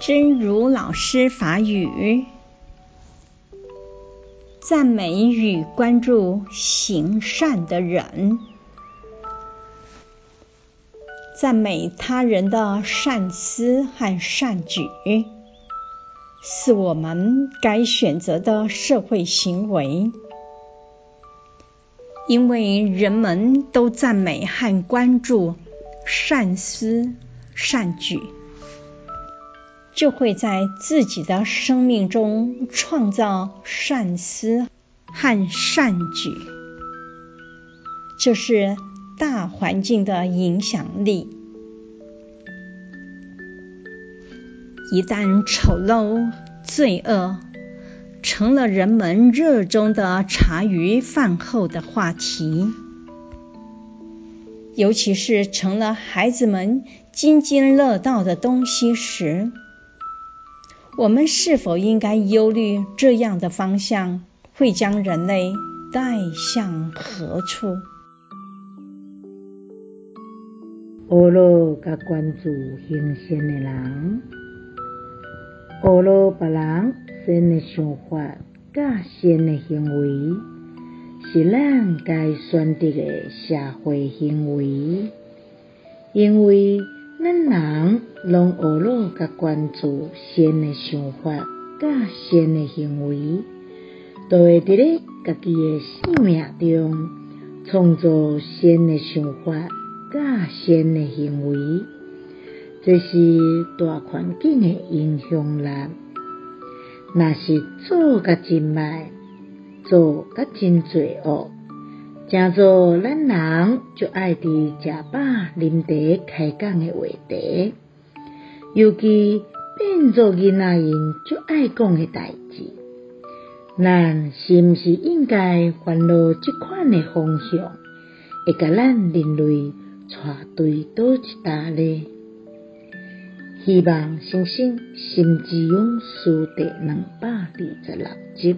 真如老師法語：讚美與關注行善的人，讚美他人的善思和善舉，是我們該選擇的社會行為。因為人們都讚美和關注善思善舉，就會在自己的生命中創造善思和善舉，這是大環境的影響力。一旦醜陋、罪惡，成了人們熱衷的茶餘飯後的話題，尤其是成了孩子們津津樂道的東西時，我們是否應該憂慮這樣的方向會將人類帶向何處？阿羅嘎關注行善的人，阿羅別人生的生新的想法、嘎善的行為，是咱該選擇的社會行為，因為咱。攏學了，甲關注善誒想法，甲善誒行為，都會佇咧家己誒生命中創造善誒想法，甲善誒行為。這是大環境誒影響力，若是做甲真歹，做甲真罪惡。誠做咱人就愛佇食飽、啉茶、開講誒話題。尤其變做囡仔因最愛講誒代志，咱是毋是應該煩惱即款誒方向，會甲咱人類帶對倒一搭咧？希望新生心之勇士第兩百二十六集。